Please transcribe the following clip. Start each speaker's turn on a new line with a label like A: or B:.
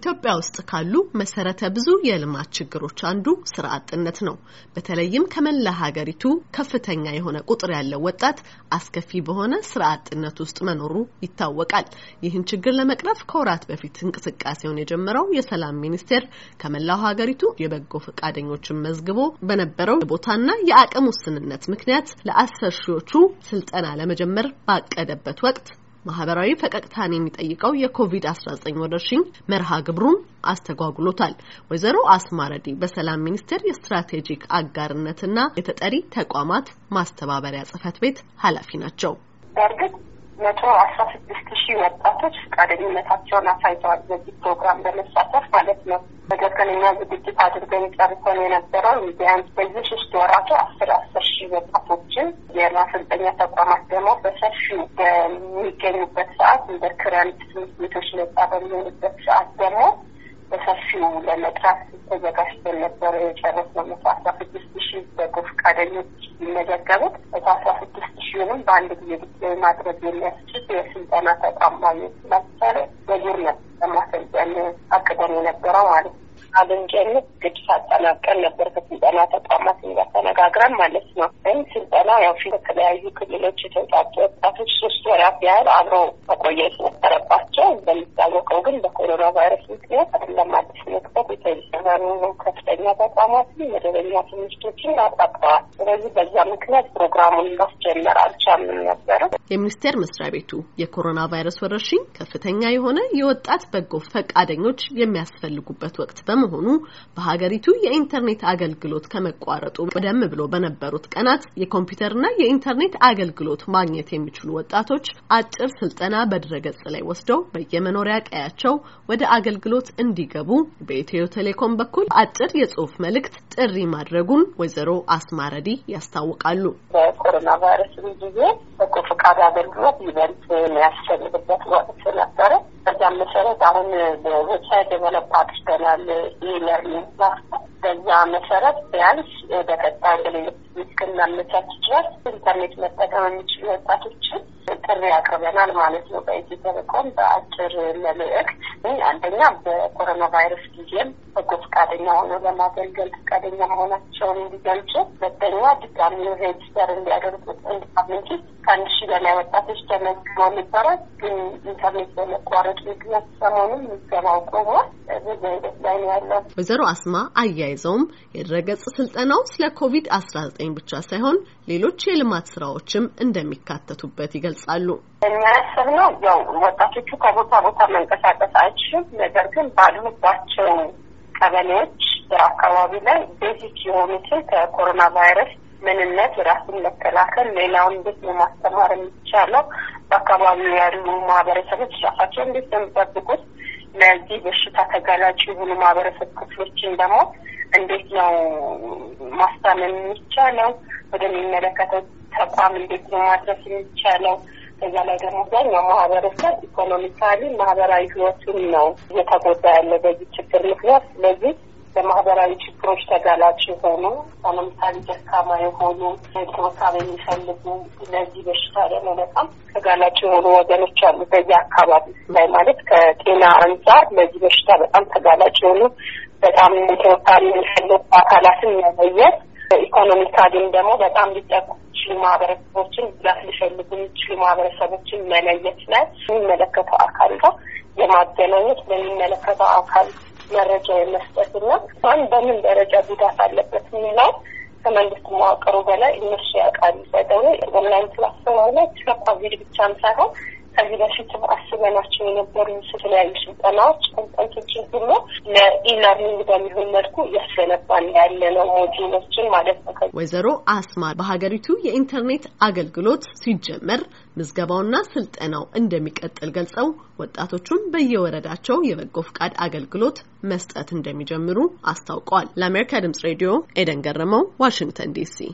A: ኢትዮጵያ ውስጥ ካሉ መሰረተ ብዙ የልማት ችግሮች አንዱ ስራ አጥነት ነው። በተለይም ከመላ ሀገሪቱ ከፍተኛ የሆነ ቁጥር ያለው ወጣት አስከፊ በሆነ ስራ አጥነት ውስጥ መኖሩ ይታወቃል። ይህን ችግር ለመቅረፍ ከወራት በፊት እንቅስቃሴውን የጀመረው የሰላም ሚኒስቴር ከመላው ሀገሪቱ የበጎ ፈቃደኞችን መዝግቦ በነበረው የቦታና የአቅም ውስንነት ምክንያት ለአስር ሺዎቹ ስልጠና ለመጀመር ባቀደበት ወቅት ማህበራዊ ፈቀቅታን የሚጠይቀው የኮቪድ-19 ወረርሽኝ መርሃ ግብሩን አስተጓጉሎታል። ወይዘሮ አስማረዲ በሰላም ሚኒስቴር የስትራቴጂክ አጋርነትና የተጠሪ ተቋማት ማስተባበሪያ ጽህፈት ቤት ኃላፊ ናቸው።
B: መቶ አስራ ስድስት ሺህ ወጣቶች ፈቃደኝነታቸውን አሳይተዋል። በዚህ ፕሮግራም በመሳተፍ ማለት ነው። መገከለኛ ዝግጅት አድርገን ጨርሰን የነበረው ቢያንስ በዚህ ሶስት ወራቱ አስር አስር ሺህ ወጣቶችን የማሰልጠኛ ተቋማት ደግሞ በሰፊው በሚገኙበት ሰዓት እንደ ክረምት ትምህርት ቤቶች ነጻ በሚሆንበት ሰዓት ደግሞ በሰፊው ለመጥራት ተዘጋጅተን ነበረ የጨረስነው። መቶ አስራ ስድስት ሺህ በጎ ፈቃደኞች ይመዘገቡት መቶ አስራ ስድስት ሲሆን በአንድ ጊዜ ጉዳይ ማድረግ የሚያስችል የስልጠና ተቋም ማግኘት ስላልቻለ በዙር ነው ለማሰልጠን አቅደን የነበረው ማለት ነው። አብንጀን ግድስ አጠናቀን ነበር ከስልጠና ተቋማት ጋር ተነጋግረን ማለት ነው። ግን ስልጠና ያው ፊ ከተለያዩ ክልሎች የተውጣጡ ወጣቶች ሶስት ወራት ያህል አብሮ መቆየት ነበረባቸው። እንደሚታወቀው ግን በኮሮና ቫይረስ ምክንያት ዓለም አዲስ መክፈት የተዘጋኑ ከፍተኛ ተቋማትን መደበኛ ትምህርቶችን አጣቅተዋል። ስለዚህ በዛ ምክንያት ፕሮግራሙን ማስጀመር አልቻልንም ነበረ።
A: የሚኒስቴር መስሪያ ቤቱ የኮሮና ቫይረስ ወረርሽኝ ከፍተኛ የሆነ የወጣት በጎ ፈቃደኞች የሚያስፈልጉበት ወቅት በ በመሆኑ በሀገሪቱ የኢንተርኔት አገልግሎት ከመቋረጡ ቀደም ብሎ በነበሩት ቀናት የኮምፒውተርና የኢንተርኔት አገልግሎት ማግኘት የሚችሉ ወጣቶች አጭር ስልጠና በድረገጽ ላይ ወስደው በየመኖሪያ ቀያቸው ወደ አገልግሎት እንዲገቡ በኢትዮ ቴሌኮም በኩል አጭር የጽሁፍ መልእክት ጥሪ ማድረጉን ወይዘሮ አስማረዲ ያስታውቃሉ።
B: በኮሮና ቫይረስ ጊዜ በጎ ፈቃድ አገልግሎት ይበልጥ የሚያስፈልግበት ወቅት ነበረ። በዛም መሰረት አሁን በዌብሳይት ዴቨሎፕ አድርገናል። የለርኒንግ በዛ መሰረት ቢያንስ በቀጣይ ግንኙነት እስክናመቻች ድረስ ኢንተርኔት መጠቀም የሚችሉ ወጣቶችን ጥሪ አቅርበናል ማለት ነው። በኢትዮ ቴሌኮም በአጭር መልእክት አንደኛ በኮሮና ቫይረስ ጊዜም በጎ ፈቃደኛ ሆኖ ለማገልገል ፈቃደኛ መሆናቸውን እንዲገልጹ፣ ሁለተኛ ድጋሚ ሬጅስተር እንዲያደርጉት እንዲሳምንት ከአንድ ሺህ በላይ ወጣቶች ተመዝግበው ነበረ። ግን ኢንተርኔት በመቋረጥ ምክንያት ሰሞኑን ምዝገባው ቆሟል።
A: ወይዘሮ አስማ አያይዘውም የድረገጽ ስልጠናው ስለ ኮቪድ አስራ ዘጠኝ ብቻ ሳይሆን ሌሎች የልማት ስራዎችም እንደሚካተቱበት ይገልጻሉ። ያስባሉ?
B: እኛ ነው ያው ወጣቶቹ ከቦታ ቦታ መንቀሳቀስ አይችልም። ነገር ግን ባሉባቸው ቀበሌዎች አካባቢ ላይ ቤዚክ የሆኑትን ከኮሮና ቫይረስ ምንነት ራስን መከላከል፣ ሌላውን እንዴት ነው ማስተማር የሚቻለው፣ በአካባቢው ያሉ ማህበረሰቦች ራሳቸው እንዴት ነው የሚጠብቁት፣ ለዚህ በሽታ ተጋላጭ የሆኑ ማህበረሰብ ክፍሎችን ደግሞ እንዴት ነው ማስታመም የሚቻለው፣ ወደሚመለከተው ተቋም እንዴት ነው ማድረስ የሚቻለው እዛ ላይ ደግሞ አብዛኛው ማህበረሰብ ኢኮኖሚካሊ ማህበራዊ ህይወቱን ነው እየተጎዳ ያለ በዚህ ችግር ምክንያት። ስለዚህ ለማህበራዊ ችግሮች ተጋላጭ የሆኑ ለምሳሌ ደካማ የሆኑ እንክብካቤ የሚፈልጉ ለዚህ በሽታ ደግሞ በጣም ተጋላጭ የሆኑ ወገኖች አሉ በዚህ አካባቢ ላይ ማለት ከጤና አንጻር ለዚህ በሽታ በጣም ተጋላጭ የሆኑ በጣም እንክብካቤ የሚፈልጉ አካላትን መለየት ኢኮኖሚካሊም ደግሞ በጣም ሊጠቁ የሚችሉ ማህበረሰቦችን፣ ጉዳት ሊፈልጉ የሚችሉ ማህበረሰቦችን መለየት ላይ የሚመለከተው አካል ጋር የማገናኘት በሚመለከተው አካል መረጃ የመስጠት የመስጠትና ማን በምን ደረጃ ጉዳት አለበት የሚለው ከመንግስት መዋቅሩ በላይ እነሱ ያውቃሉ። በደቡብ ኦንላይን ፕላትፎርም ላይ ስለ ኮቪድ ብቻም ሳይሆን ከዚህ በፊትም አስበናቸው የነበሩ የተለያዩ ስልጠናዎች ኮንተንቶችን ሁሉ ለኢለርኒንግ በሚሆን መልኩ እያስገነባን ያለ ነው ሞጁሎችን ማለት
A: ነው። ወይዘሮ አስማ በሀገሪቱ የኢንተርኔት አገልግሎት ሲጀመር ምዝገባውና ስልጠናው እንደሚቀጥል ገልጸው ወጣቶቹም በየወረዳቸው የበጎ ፍቃድ አገልግሎት መስጠት እንደሚጀምሩ አስታውቀዋል። ለአሜሪካ ድምጽ ሬዲዮ ኤደን ገረመው፣ ዋሽንግተን ዲሲ